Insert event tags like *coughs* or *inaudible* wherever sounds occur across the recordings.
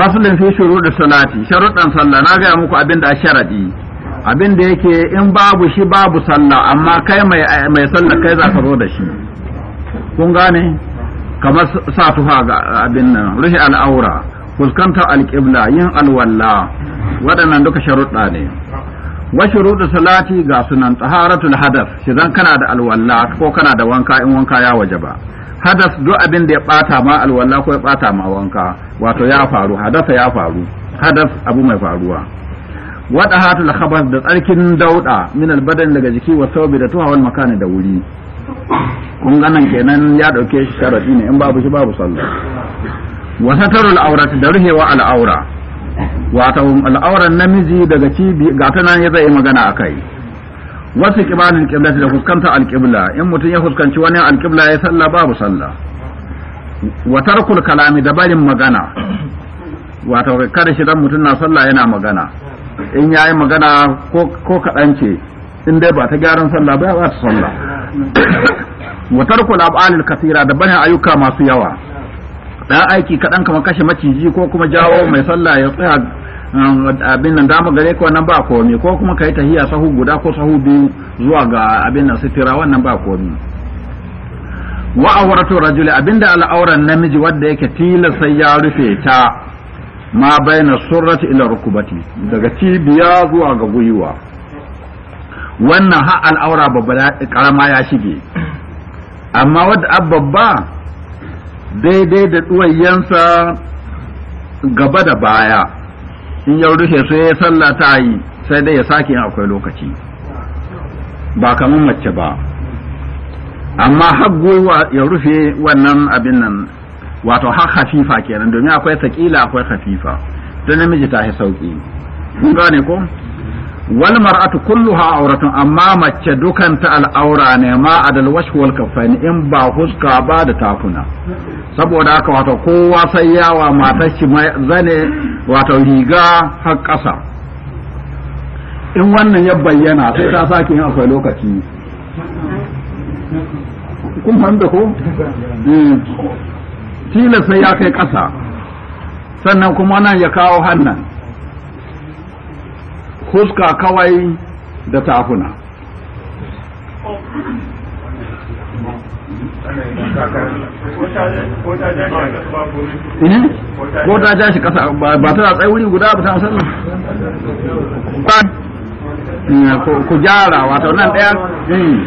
faslin fi da salati sharuɗan sallah na gaya muku abin da a sharaɗi abin da yake in babu shi babu sallah amma kai mai mai sallah kai za ka zo da shi kun gane kamar sa tuha ga abin nan rushe al'aura fuskantar alƙibla yin alwalla waɗannan duka sharuɗa ne wa shuruɗu salati ga sunan taharatul hadaf shi zan kana da alwalla ko kana da wanka in wanka ya waje ba hadas duk abin da ya bata ma alwala ko ya bata ma wanka wato ya faru hadasa ya faru hadas abu mai faruwa wada hatul khabar da tsarkin dauda min albadan daga jiki wa saubi da tuwa wal makani da wuri kun ganan kenan ya dauke shi sharadi ne in babu shi babu sallah wa satarul awrat da ruhewa al aura wato al auran namiji daga cibi ga tanan ya zai magana akai wasu kibanin kibla da fuskanta alkibla in mutum ya fuskanci wani alkibla ya salla babu salla Watar tarkul kalami da barin magana wato kada shi dan mutum na salla yana magana in ya yi magana ko kaɗan ce in dai ba ta gyaran salla ba ba ta salla kula tarkul af'alil kasira da barin ayyuka masu yawa ɗan aiki kaɗan kama kashe maciji ko kuma jawo mai salla ya tsaya abin nan dama gare ka wannan ba komi ko kuma kai tahiya sahu guda ko sahu biyu zuwa ga abin nan sitira wannan ba komi wa awratu rajul abinda al'auran namiji wanda yake tila sai ya rufe ta ma bayna surrati ila rukubati daga cibiya zuwa ga gwiwa wannan ha al'aura babba karama ya shige amma wadda ababba daidai da ɗuwayensa gaba da baya in ya rufe su ya salla ta yi sai dai ya sake akwai lokaci ba kamar mace ba amma har ya rufe wannan abin nan wato har hafifa kenan domin akwai sakila akwai hafifa don namiji ta yi sauki kun gane ko wal mar'atu kulluha auratun amma mace dukanta ta al'aura ne ma adal washh wal in ba huska ba da takuna saboda haka wato kowa sai yawa matar shi zane wato riga har ƙasa in wannan ya bayyana sai ta sake yin akwai lokaci kun fahimta ko hmm. tilas sai ya kai ƙasa sannan kuma nan ya kawo hannan huska kawai da tafuna ko ta ja shi kasa ba ta tsaye wuri guda ba ta san. ku gyara wato nan ɗaya hmm.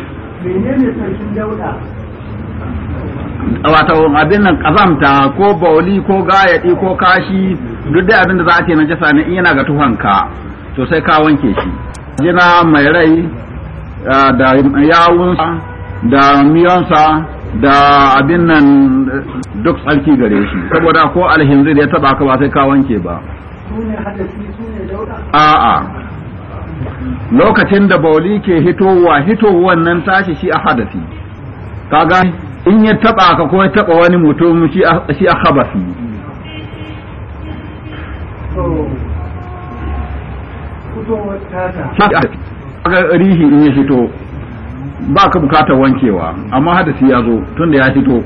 wato abin nan kazamta ko bauli ko gayadi ko kashi duk dai abin da za a ce na jasa ne yana ga tuhanka to sai ka wanke shi jina mai rai ah, da yawunsa da miyansa da abin nan duk tsarki gare shi saboda ko alhinzir ya taba ka ba sai ka wanke ba a'a lokacin da bauli ke hitowa hitowar nan tashi shi a hadasi kaga in ya taba ka ko ya taba wani mutum shi a habasi rihi in ya hito. ba ka bukatar wankewa amma hadisi ya zo da ya hito.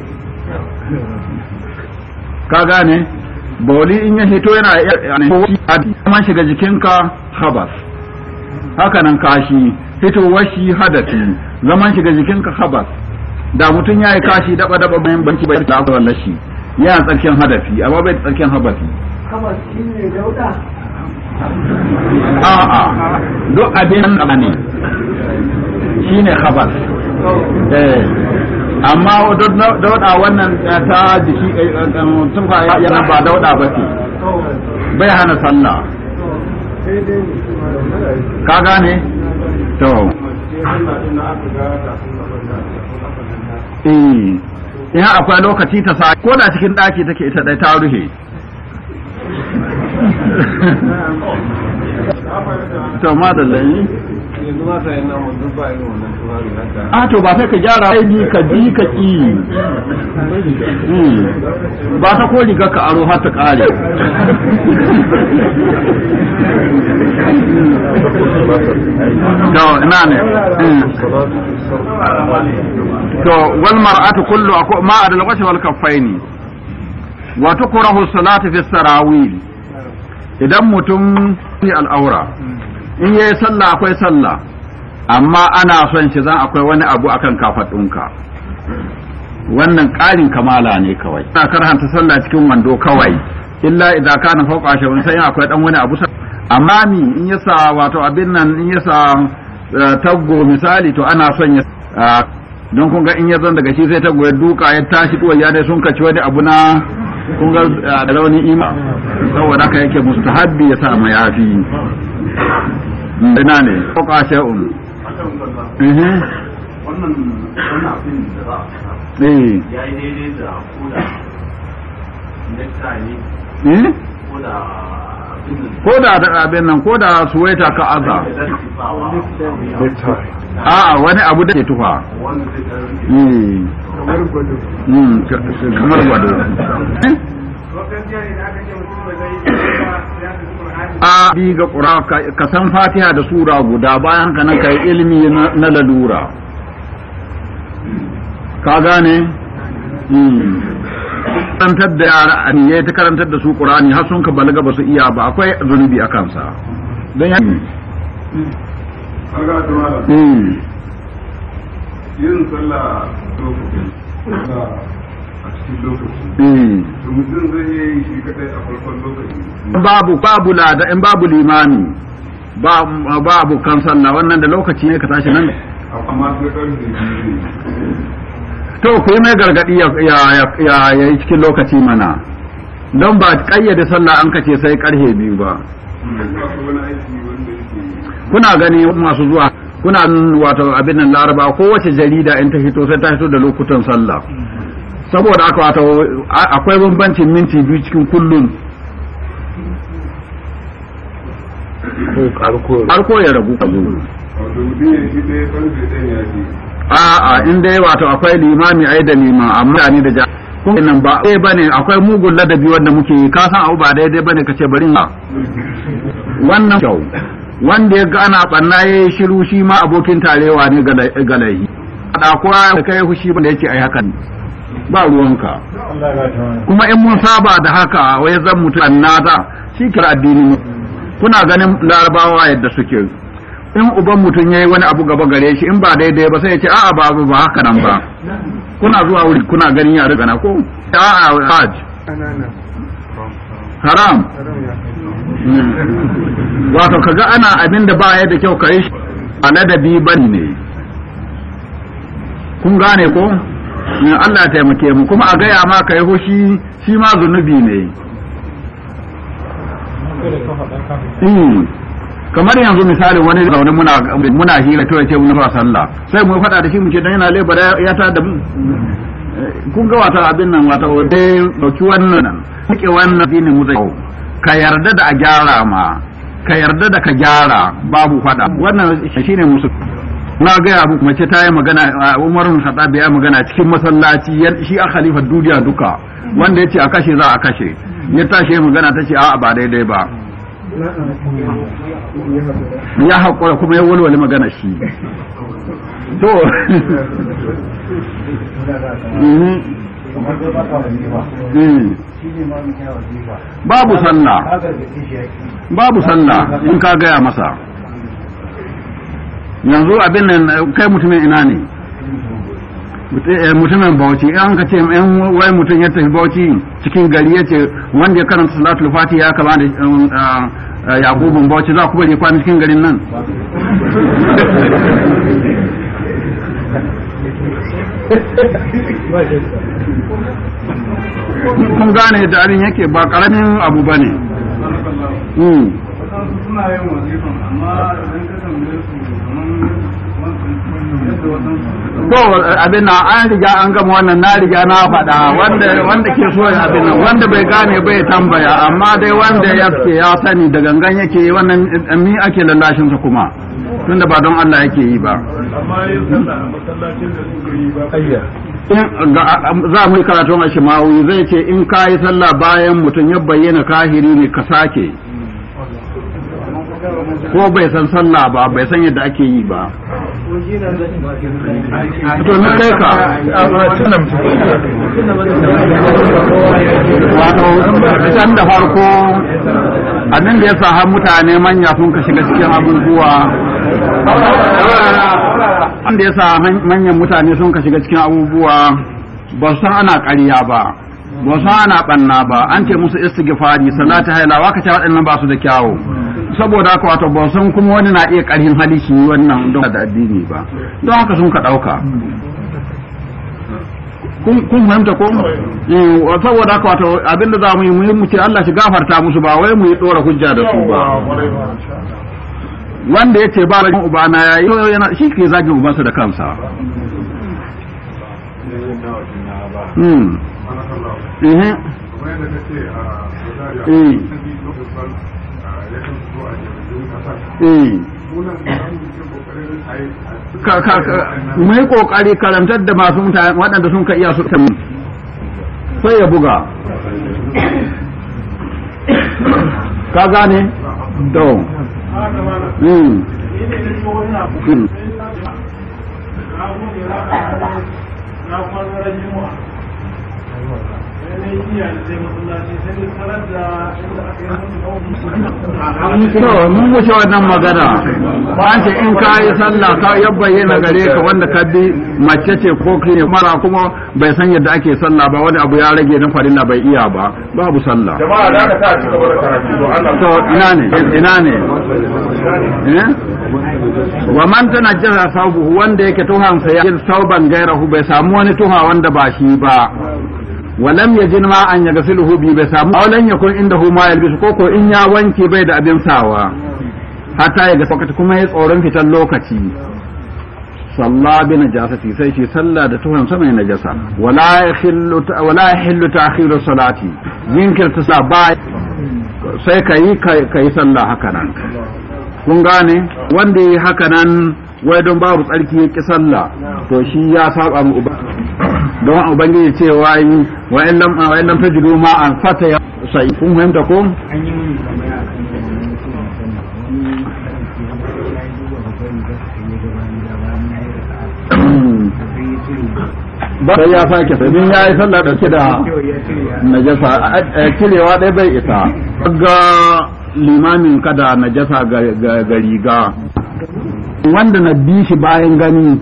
ka gane bauli in ya hito yana man shiga jikinka habas Hakanan kashi hito washi hadati zaman shiga jikinka habas da mutum ya yi kashi daba daba bayan banki bai da akwai lashi yana tsarkin hadafi amma bai tsarkin habasi habas a'a duk abin nan ne shine khabar eh amma dauda wannan eh, ta jiki eh, eh, tumfa yana ba dauda ba ce bai hana sallah ka gane to ina akwai lokaci ta sa ko da cikin daki take ita dai ta ruhe to ma da lani eh. a ah, to ba sai ka gyara aibi ka bi ka ki hmm. ba ta ko riga ka aro har ta kare to ina ne hmm. to wal mar'atu kullu ma adal wajh wal kaffaini wa tukrahu salatu fi sarawil idan mutum fi al'aura in yayi sallah akwai sallah amma ana son shi zan akwai wani abu akan kafaɗinka wannan ƙarin kamala ne kawai ana karhanta sallah cikin wando kawai illa idan kana fauka shi wani sai akwai dan wani abu amma mi in yasa wato abin nan in yasa eh, taggo misali to ana son ya ah, don kun ga in ya zan daga shi sai taggo ya duka ya tashi tuwa ya dai sun kaci wani abu na kun ga ah, da rauni ima saboda haka yake mustahabbi ya sa mayafi ina ne ko fauka shay'un eh mhm. wannan wannan abin da ba eh yayi daidai da koda ne eh hmm? ko da abin nan ko da suwaita ka aza a wani abu da ke tufa hmm. kamar gwado hmm. *laughs* a bi ga ƙura ka san fatiha da sura guda bayan ka nan ka yi ilimi na lalura ka gane hmm. karantar da yara ya ta karantar da su ƙurani har sun ka balaga ba su iya ba akwai zunubi a kansa don ya hmm. yin sallah Hmm. babu babu lada in babu limami babu kan sallah wannan da lokaci ne ka tashi nan to ku mai gargadi ya yi cikin lokaci mana don ba kayyade sallah an kace sai karhe biyu ba kuna gani masu zuwa kuna wato abin nan laraba kowace jarida in ta hito sai ta hito da lokutan sallah saboda aka wata akwai bambancin minti biyu cikin kullum alko ya ragu a'a in dai wato akwai limami ai da liman amma ni da ja kuma nan ba eh bane akwai mugun ladabi wanda muke ka san abu ba daidai bane kace bari ba. wannan kyau wanda ya ga ana banna yayi shiru shi ma abokin tarewa ne ga laihi da kowa kai da bane yace ai hakan ba ruwanka kuma in mun saba da haka wai zan mutu annata shi kira addini kuna ganin larabawa yadda suke in uban mutum yayi wani abu gaba gare shi in ba daidai ba sai ya ce a'a ba ba haka nan ba kuna zuwa wuri kuna ganin ya rigana ko a'a haj haram wato kaga ana abin da ba da kyau kai shi a ladabi bane ne kun gane ko Allah ya taimake mu kuma a gaya ma kai hoshi shi ma zunubi ne hmm. kamar yanzu misali wani zaune muna muna hira to yace mun ba sallah sai mu fada da shi mu ce dan yana lebara ya ta da mu kun ga wata abin nan wata dai dauki wannan take kike wannan dinin mu zai ka yarda da a gyara ma ka yarda da ka gyara babu fada wannan shine musu na gaya kuma ce ta yi magana Umar hada da ya magana cikin masallaci shi a khalifar duniya duka wanda ya ce a kashe za a kashe ya tashi magana ce a ba daidai ba ya haƙura kuma ya walwale magana shi to *laughs* mm. babu sallah babu sallah in ka gaya masa yanzu abin nan kai mutumin ina ne eh, mutumin bauchi an ka ce yan wai mutum ya tafi bauchi cikin gari ya ce wanda ya karanta salatul fatiha ya kama da um, ah, ah, yakubun bauchi za ku bari kwana cikin garin nan kun gane da abin yake ba karamin abu ba ne hmm. suna yin wazifan amma idan ka tambaye su abin nan an riga an gama wannan na riga na faɗa wanda wanda ke so ya abin nan wanda bai gane bai tambaya amma dai wanda ya ke ya sani da gangan yake wannan mi ake lallashin sa kuma tunda ba don Allah yake yi ba yi ba za mu yi karatun a shimawi zai ce in ka yi sallah bayan mutum ya bayyana kahiri ne ka sake ko bai san sallah ba bai san yadda ake yi ba to ni kai ka wato can da farko abin da ya sa mutane manya sun ka shiga cikin abubuwa abin da ya sa manyan mutane sun ka shiga cikin abubuwa ba san ana ƙarya ba ba su ana ɓanna ba an ce musu istighfari salatu hailawa ka ce waɗannan ba su da kyawu saboda haka wato ba san kuma wani na iya karhin hadisi wannan don da addini ba don haka sun ka dauka kun fahimta ko eh, saboda haka wato abinda za mu yi mu ce Allah shi gafarta musu ba wai mu yi dora hujja da su ba wanda yace ba na ya yayi yana shi ke zagin ubansa da kansa Mm. Mm. Eh. mai kokari karantar da masu mutane waɗanda sun ka iya su tamu sai ya buga ka gane don To, mun wuce wannan magana, ba ce in ka yi sallah ka yi bayyana gare ka wanda ka bi mace ce ko ne mara kuma bai san yadda ake sallah ba wani abu ya rage na farilla bai iya ba, babu sallah. Jama'a da ka ci gaba da karatu To, ina ne, ina ne. Eh? Wa man tana jira sabu wanda yake tuhansa ya sauban gairahu bai samu wani tuha wanda ba shi ba. walam yajin ma an yaghsiluhu bi bai samu aw lan yakun indahu ma yalbisu ko in ya wanke bai da abin sawa hatta ya ga fakata kuma ya tsoron fitan lokaci salla bi najasati sai shi salla da tuhon sama najasa wala yahillu wala yahillu ta'khiru salati jinkirta sa ba sai kai kai sallah haka nan kun gane wanda yi hakanan. wai don babu tsarki ya ƙi sallah to shi ya saba mu uba don ubangiji ce wai wayan nan wayan nan ta jiru ma an fata ya sai kun fahimta ko an ya sake sai ya yi sallah da kida najasa kirewa dai bai isa ga limamin kada najasa ga riga wanda na bi shi bayan gani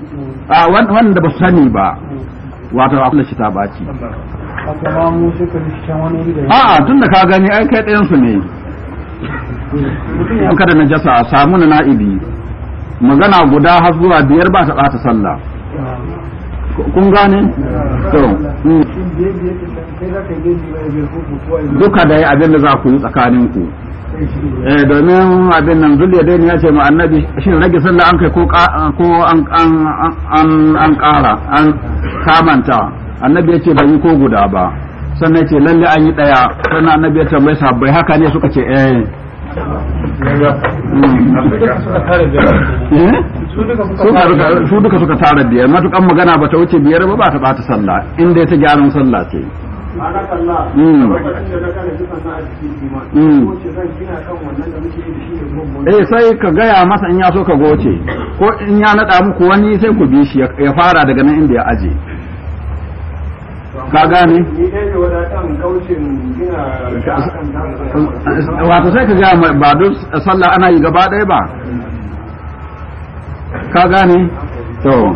a wanda ba sani ba wato akwai shi ta baci a'a tun da ka gani ai kai ɗayan su ne kada na jasa samu na na'ibi magana guda har zuwa biyar ba ta ɓata sallah kun gane? Mm. duka da yi abin da za ku yi tsakaninku Eh, domin abin nan zuliya dai ne ya ce annabi shi rage sallah an kai ko an an an an an kamanta annabi ya ce ban yi ko guda ba sannan ya ce lalle an yi daya sannan annabi ya tambaye sahabbai haka ne suka ce eh, hmm. eh? su duka suka tara biyar matukan magana ba ta wuce biyar ba ba ta bata sallah inda ta gyaran sallah ce Hmm. Hmm. eh sai ka gaya masa in ya so ka goce ko in ya nada muku wani sai ku bi shi ya fara daga nan inda ya aje ka gane wato sai ka gaya ba duk sallah ana yi gaba ɗaya ba ka gane to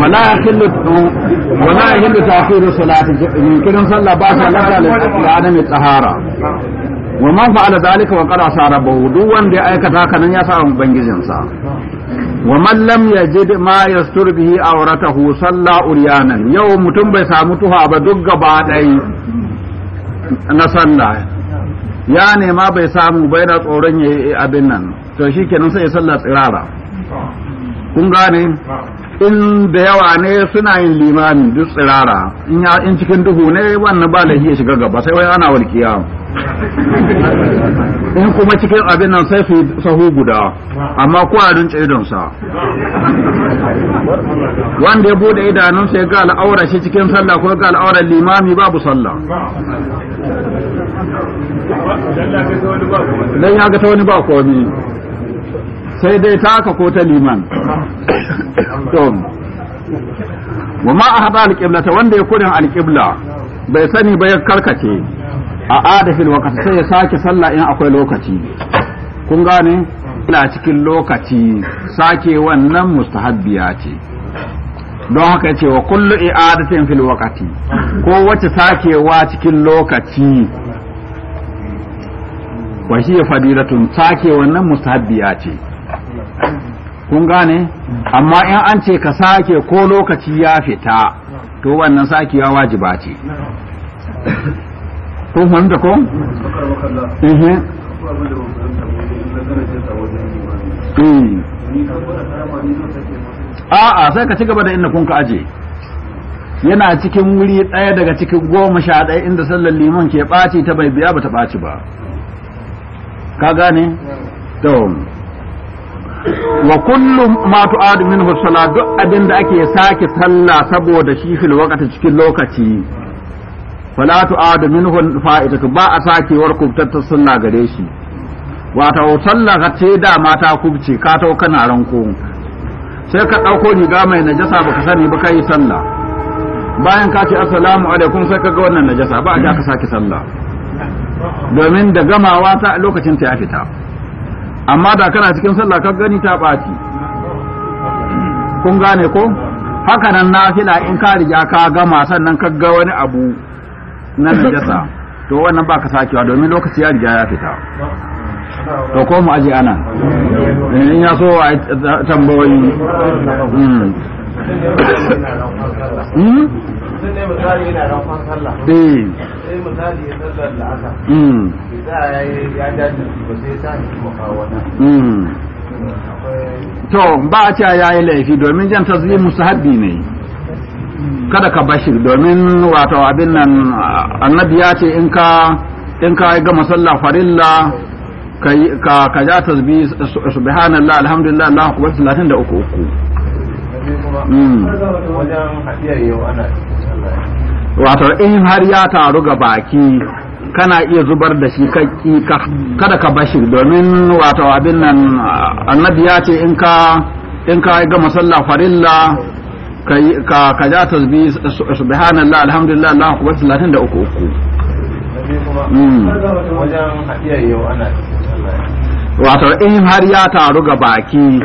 ولا يحل ولا يحل تأخير الصلاة يمكن صلى بعد صلاة لعدم الطهارة ومن فعل ذلك وقد عصى ربه دون بأيك تاكن يسعى سا ومن لم يجد ما يستر به عورته صلى أريانا يوم تنبى بسامتها بدق بعد أي نصلى ya nema bai samu bai na tsoron ya yi abin nan to shi kenan sai ya sallah tsirara kun gane in da yawa ne suna yin limami duk tsirara in cikin duhu ne wannan ba da ya shiga gaba sai wai ana walkiya in kuma cikin abin nan sai su sahu guda amma ko a rince wanda ya bude idanun sai ga al'aura shi cikin sallah ko ga al'aura limami babu sallah dan ya ga wani ba komi sai dai ta haka ko ta liman *coughs* wa ma ahada alƙibla ta wanda ya kurin alƙibla bai sani ba ya karkace a adafin wakati sai ya sake sallah in akwai lokaci kun gane ila cikin lokaci sake wannan mustahabbiya ce don haka ce wa kullu i'adatin fil waqti ko wace sakewa cikin lokaci wa shi fadilatun sake wannan mustahabbiya ce kun gane amma in an ce ka sake ko lokaci ya fita to wannan ya wajiba ce kun da ko? Eh. a'a sai ka ci gaba da inda kun ka aje yana cikin wuri ɗaya daga cikin goma sha ɗaya inda sallar liman ke ɓaci ta bai biya ba ta ɓaci ba ka gane? to wa kullum ma tu'adu minhu salat duk abin da ake sake sallah saboda shi fil waqti cikin lokaci fala tu'adu minhu fa'idatu ba a sakewar kubtatta sunna gare shi wata sallah ka ce da mata kubce ka tau kana ranko sai ka dauko riga mai najasa baka sani ba kai sallah bayan ka ce assalamu alaikum sai ka ga wannan najasa ba a ja ka sake sallah domin da gamawa ta lokacin ta ya fita amma da kana cikin sallah ka gani ta ɓaci kun gane ko haka nan nafila in ka riga ka gama sannan ka ga wani abu na najasa to wannan ba sakewa domin lokaci ya riga ya fita to ko mu aje ana eh, in ya so a tambayoyi hmm. Hmm? misali yana sallah eh. to ba a cewa ya yi laifi domin jan musu haɗi ne kada ka bashi domin wato abin nan annabi ya ce in ka in ka gama sallah farilla ka ka ja tasbih subhanallah alhamdulillah Allahu da uku uku hmm. wato in har ya taru ga baki kana iya zubar da shi kada ka bashi domin wato abin nan annabi ya ce in ka in ka ga masalla farilla ka ka ja tasbih subhanallah alhamdulillah Allahu akbar 33 uku hmm. wato in har ya taru ga baki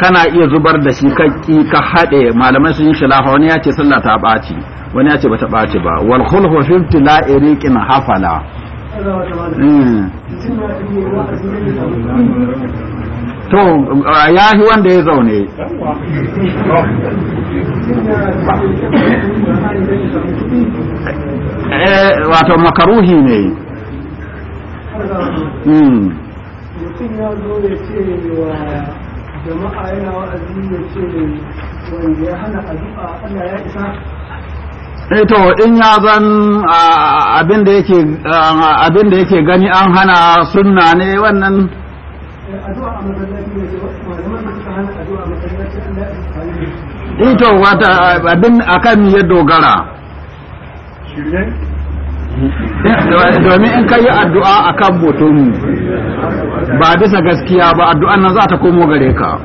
kana iya zubar da shi kakki ka haɗe malamai sun shi shilafa wani ya ce sallah ta baci. wani ce bata ɓaci ba wal khulhu fi ibtila'i riqin hafala to ya fi wanda ya zaune wato makaruhi ne jama'a yana wa'azi ya ce wanda ya hana addu'a Allah ya isa Eh, to in ya zan abin da yake gani an hana sunna ne wannan ito eh, wata abin akan ya dogara domin in ka yi addu'a a kan ba bisa gaskiya ba addu'an nan za ta komo gare ka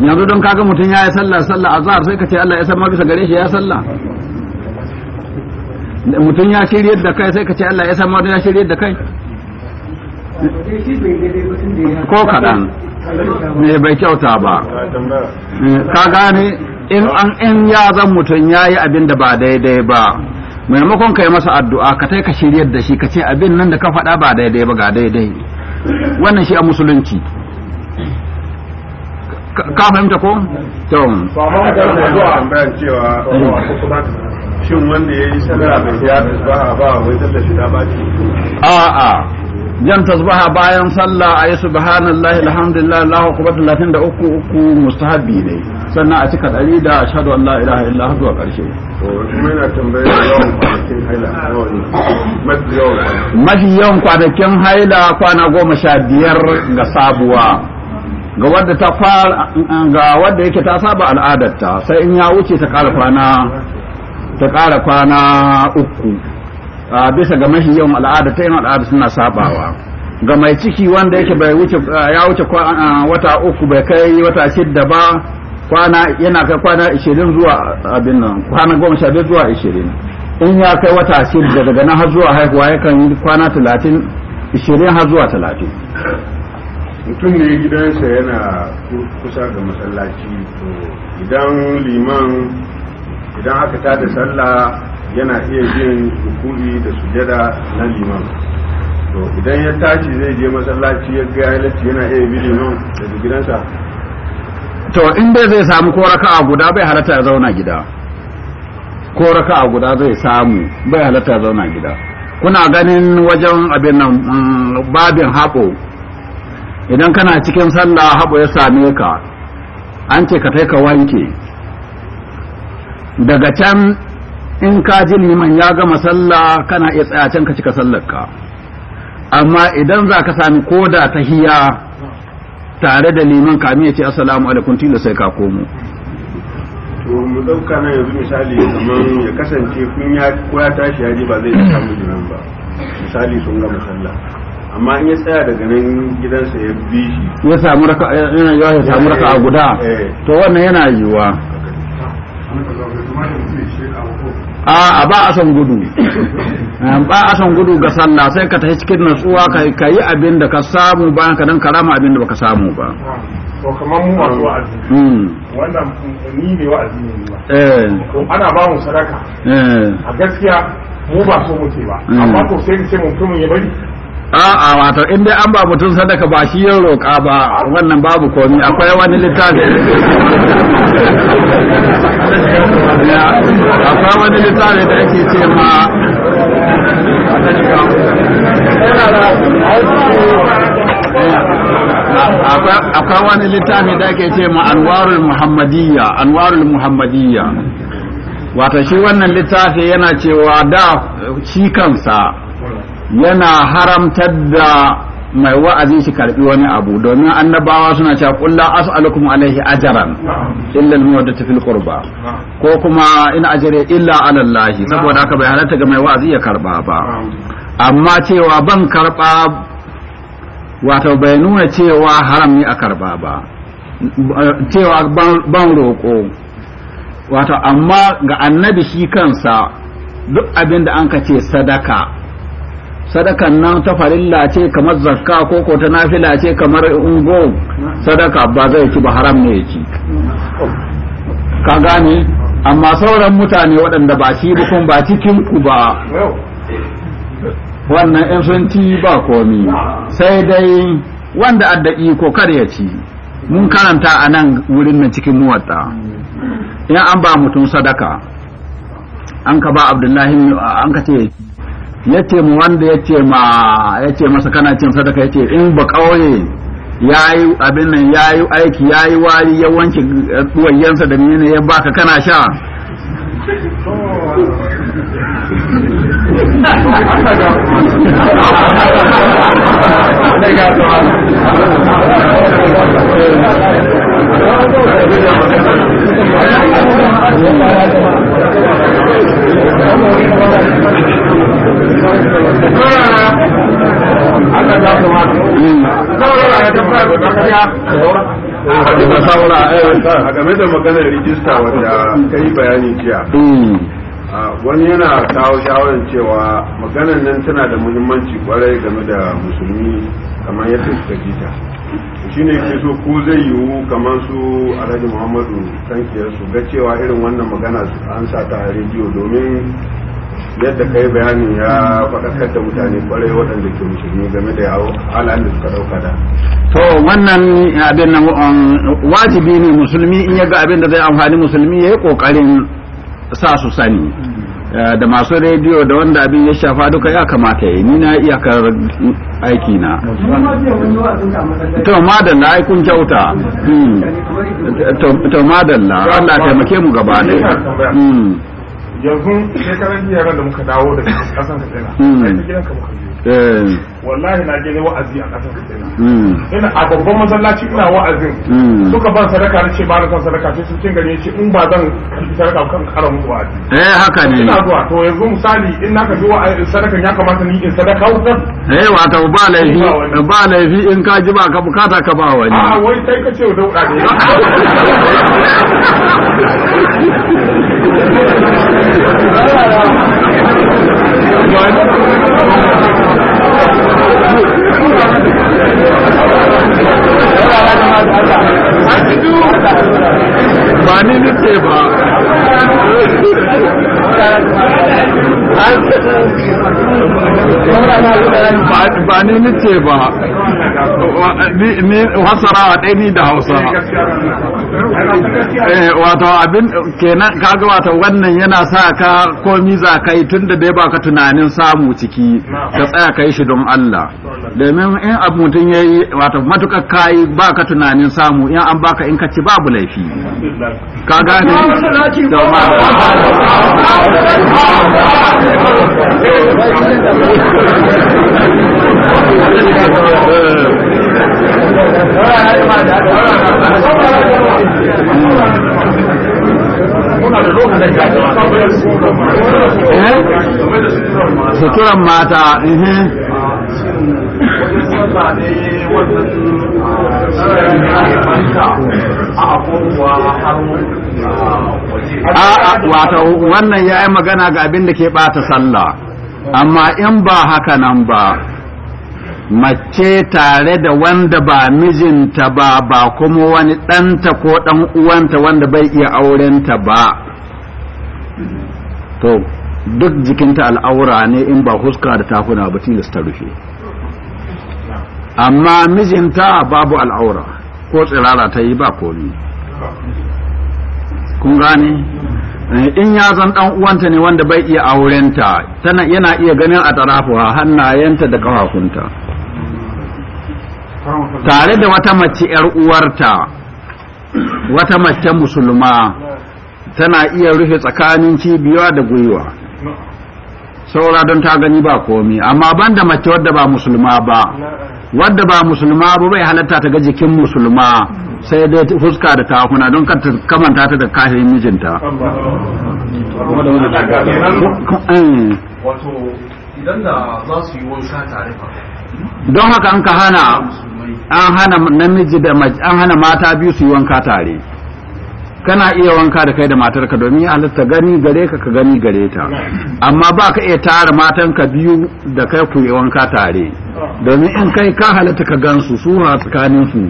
yanzu don kaga mutum ya yi sallah sallah a sai ka ce Allah ya san ma bisa gare shi ya sallah mutum ya shiryar da kai sai ka ce Allah ya samu ya shiryar da kai ko kaɗan ne bai kyauta ba ka gane in an in ya zan mutum ya yi abin da ba daidai ba maimakon ka yi masa addu'a ka tai ka shiryar da shi ka ce abin nan da ka faɗa ba daidai ba ga daidai wannan shi a musulunci ka fahimta ko to shin wanda ya yi sadara bai ba tasbaha ba wai tallafi da baki a'a jan tasbaha bayan sallah ayi subhanallahi alhamdulillah Allahu akbar 33 uku mustahabi ne sannan a cika dari da ashhadu an la ilaha illa hu zuwa karshe to kuma yana tambayar yawan kwanakin haila mafi yawan kwanakin haila kwana goma sha biyar ga sabuwa ga wadda ta fara ga wadda yake ta saba al'adarta sai in ya wuce ta ƙara kwana ta kara kwana uku a bisa ga mashi yawan al'ada ta yin al'ada suna sabawa ga mai ciki wanda yake bai wuce ya wuce wata uku bai kai wata shidda ba kwana yana kai kwana ishirin zuwa abin nan kwana goma sha biyu zuwa ishirin in ya kai wata shidda daga nan har zuwa haihuwa yakan yi kwana talatin ishirin har zuwa talatin mutum ne gidansa yana kusa ga masallaci to idan liman idan aka ta da sallah yana iya jin rukuri da sujada na liman to idan ya tashi zai je masallaci ya ga halacci yana iya bi liman daga gidansa to in bai zai samu ko raka'a guda bai halatta ya zauna gida ko raka'a guda zai samu bai halatta ya zauna gida kuna ganin wajen abin nan mm, babin haƙo idan kana cikin sallah haɓo ya same ka an ce ka kai ka wanke daga can in ka ji liman ya gama sallah kana iya tsaya can ka cika sallar ka amma idan za ka sami koda ta hiya tare da liman kamin ya ce assalamu alaikum tilo sai ka komo to mu dauka nan yanzu misali kamar ya kasance kun ya tashi ya ji ba zai samu liman ba misali sun gama sallah amma in ya tsaya daga nan gidansa ya bi shi ya samu raka yana yawa ya samu raka a guda eh, eh. to wannan yana yiwa a a ba a son gudu *coughs* ba a son gudu ga sallah sai ka tafi cikin natsuwa ka yi abin da ka samu ba ka dan karama abin da baka samu ba to kamar mu wato azumi hmm. wannan ni ne wa'azi ne eh Ko ana ba mu sadaka eh. a gaskiya mu ba so muke ba hmm. amma ko sai ce mutumin ya bari a'a wato in dai an ba mutum sadaka ba shi yin roƙa ba wannan babu komi akwai wani littafi akwai wani littafi da yake ce ma akwai wani littafi da yake ce ma anwarul muhammadiyya anwarul muhammadiyya wato shi wannan littafi yana cewa da shi kansa yana haramtar da mai wa'azi shi karbi wani abu domin annabawa suna cewa kulla la as'alukum alaihi ajran illa al-mawaddata fil qurba ko kuma in ajre illa ala saboda haka bai halatta ga mai wa'azi ya karba ba amma cewa ban karba wato bai nuna cewa haram ne a karba ba cewa ban roƙo wato amma ga annabi shi kansa duk abin da an ka ce sadaka sadakan nan ta farilla ce kamar zakka ko ko ta nafila ce kamar ungo sadaka ba zai ci ba haram ne ya ci ka gane amma sauran mutane waɗanda ba ci ba kun ba cikin ku ba wannan in sun ci ba komi sai dai wanda addaki ko kar ya ci mun karanta a nan wurin nan cikin muwatta in an ba mutum sadaka an ka ba abdullahi an ka ce ya ce mu wanda ya ma ya ce masa kana cin sadaka ya ce in ba kauye ya yi abin nan ya yi aiki ya yi wari ya wanke ɗuwayyansa da mene ya baka kana sha *laughs* a game da maganar rijista wanda ka yi bayani jiya hmm. wani yana kawo shawarar cewa maganar nan tana da muhimmanci kwarai game da musulmi kamar yadda suka jita. shi ne ke so ko zai yiwu kamar su alhaji muhammadu kankiyar su ga cewa irin wannan magana an sa ta rediyo domin yadda kai bayani ya faɗakar da mutane kware waɗanda ke musulmi game da yawo ala da suka ɗauka da to wannan abin nan um, wajibi ne musulmi in ya ga abin da zai amfani musulmi ya yi ƙoƙarin sa su sani eh, da masu rediyo da wanda abin ya shafa duka ya kamata ya ni na iyakar aiki na to madalla ai kun kyauta hmm. to madalla Allah taimake mu gaba ɗaya hmm. yanzu shekaran jiya da muka dawo daga kasan katsina hmm. ai ta gidanka muka je Eh. wallahi na je wa'azi a ƙasar Katsina hmm. ina a babban masallaci ina wa'azin hmm. suka ban sadaka na ce ba son sadaka sai sun kin gani ya ce in ba zan sadaka kan ƙara musu wa'azi eh haka ne ina zuwa to yanzu misali in ka ji wa'azi sadakan ya kamata ni in sadaka wutar eh wato ba laifi ba laifi in ka ji ba ka bukata ka ba wani a wai sai ka ce da wuɗa ne *laughs* *laughs* *laughs* Thank you. ba ni ba ba ni nake ba ni a ɗani da hausa eh, wato abin kenan kaga wato wannan yana sa ka komi za ka yi tun da dai baka tunanin samu ciki ka tsaya ka yi shi don Allah domin in abu mutum ya yi wato matukar kayi baka tunanin samu in an baka in ka ci babu laifi ka gane eh? eh? Suturan mata, eh? a wato wannan ya yi magana ga abin da ke bata sallah, amma in ba haka nan ba, mace tare da wanda ba mijinta ba ba kuma wani ɗanta ko ɗan uwanta wanda bai iya aurenta ba to duk jikinta al'aura ne in ba huska da takuna ba tilasta rufe amma mijinta babu al'aura ko tsirara ta yi ba komi kun gane in ya zan dan uwanta ne wanda bai iya aurenta tana yana iya ganin a tarafuwa hannayenta da kafafunta tare da wata mace yar uwarta wata mace musulma tana iya rufe tsakanin cibiya da gwiwa saura don ta gani ba komi amma banda mace wadda ba musulma ba wadda ba musulma ba bai halatta ta ga jikin musulma sai dai fuska da tafuna don kar kamanta ta da kafirin mijinta don haka an ka hana an hana namiji an hana mata biyu su yi wanka tare kana iya wanka da kai da matarka domin ya halatta gani gare ka ka gani gare ta amma ba ka iya tara matanka biyu da kai ku yi wanka tare domin in kai ka halatta ka gansu su a tsakanin su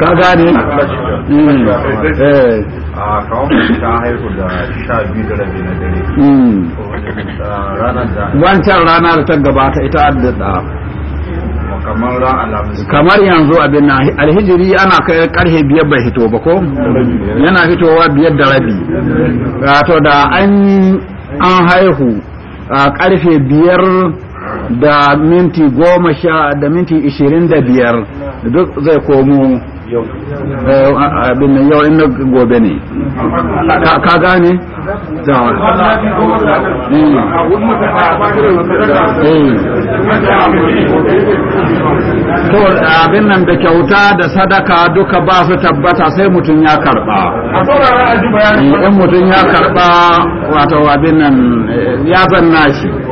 ka gane mm. eh. a mm. da wancan rana da ta gabata ita da kamar ran alhamis kamar yanzu abin na alhijiri ana kai karhe biyar bai hito ba ko yana fitowa biyar da rabi wato da an an haihu a karfe biyar da minti goma sha da minti ishirin da biyar duk zai komo eh, abin yau ina gobe ne ka gane? da eh. to abin nan da kyauta da sadaka duka ba su tabbata sai mutum ya karba eh, in mutum ya karba wato abin nan ya zanna shi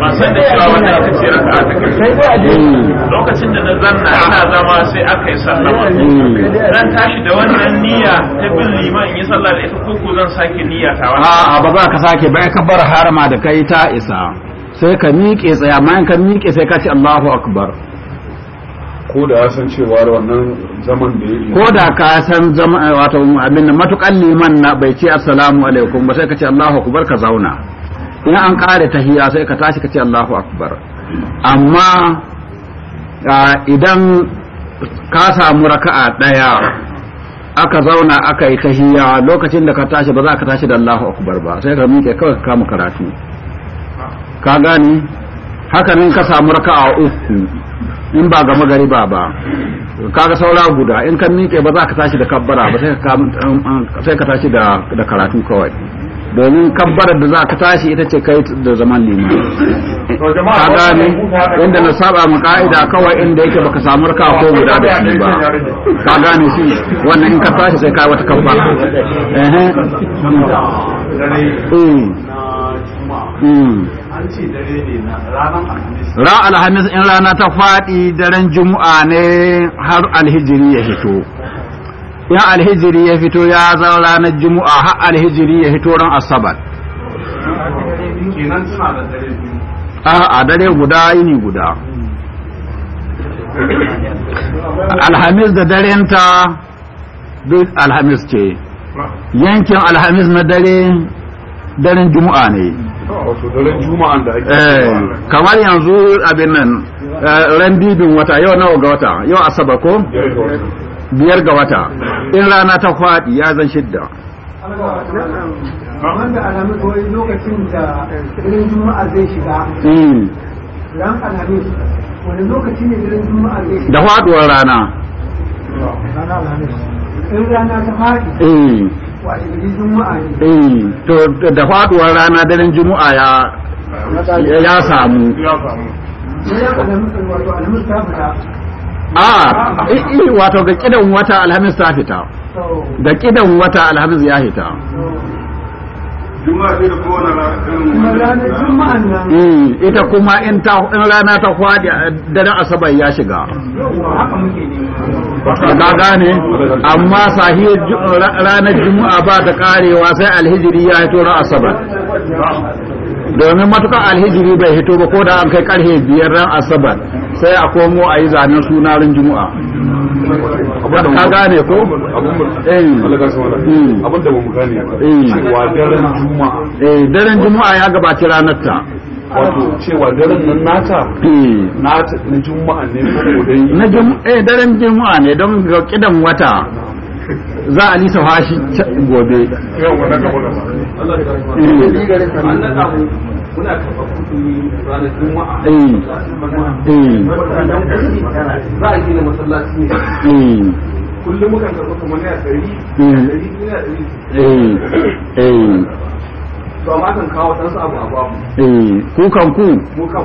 ban san da cewa wannan ita ce raka'a ta karshe lokacin da na zanna ina zama sai aka yi sallama zan tashi da wannan niyya ta bin liman in yi sallah da ita koko zan sake niyya ta wani a'a ba za ka sake ba ka bar harama da kai ta isa sai ka miƙe tsaya bayan ka miƙe sai ka ce Allahu akbar ko da ya san cewa wannan zaman da yake ko da ka san zaman wato abin matukan liman na bai ce assalamu alaikum ba sai ka ce Allahu akbar ka zauna in an kare tahiya sai ka tashi ka ce Allahu akbar amma idan ka samu raka'a daya aka zauna aka yi tahiya lokacin da ka tashi ba za ka tashi da Allahu akbar ba sai ka miƙe kawai ka kama karatu ka gani haka nan ka samu raka'a uku in ba ga Magari ba kaga saura guda in ka miƙe ba za ka tashi da kabbara ba sai ka tashi da karatu kawai domin kabbarar da za ka tashi ita ce kai da zaman limani ka gane inda na saba mu ka'ida kawai inda yake baka samu raka ko guda da shi ba ka gane shi wannan in ka tashi sai kai wata kabbara eh Ra alhamis in rana ta faɗi daren Juma'a ne har alhijiri ya hito. in alhijiri ya fito ya zama ranar juma'a har alhijiri ya fito ran asabar a dare guda yini guda alhamis da darenta duk alhamis ce yankin alhamis na dare dare juma'a ne eh, kamar yanzu abin nan eh, ran dibin wata yau nawa ga wata yau asabar ko biyar ga wata in rana ta faɗi ya zan shidda wanda lokacin da irin juma'a zai shiga hmm. ran wani lokaci ne irin juma'a zai shiga da faɗuwar rana in rana ta faɗi hmm. hmm. to da faɗuwar rana daren juma'a ya ya samu ya a ah, wato ga kidan wata alhamis ta fita ga kidan wata alhamis ya fita hmm, ita kuma in rana ta kwadi eh, daren asabar ya shiga ka gane amma sahiyar ranar juma'a ba ta karewa sai alhijiri ya hito ran asabar domin matukar alhijiri bai hito ba ko da an kai karhe biyar ran asabar sai a komo a yi zanen suna ran juma'a ka gane ko eh. abinda ba mu gane eh. cewa daren juma'a eh daren ya gabaci ranar ta wato cewa daren nan nata eh. na juma'a ne na eh daren ne don ga kidan wata za a nisa hashi gobe muna karɓar kuɗi ranar juma'a eh. Eh. za a gina masallaci ne eh. kullum mukan karɓi kamar naira ɗari ɗari biyu naira ɗari to amma kan kawo ɗansu abu a babu Kukan ku mu mu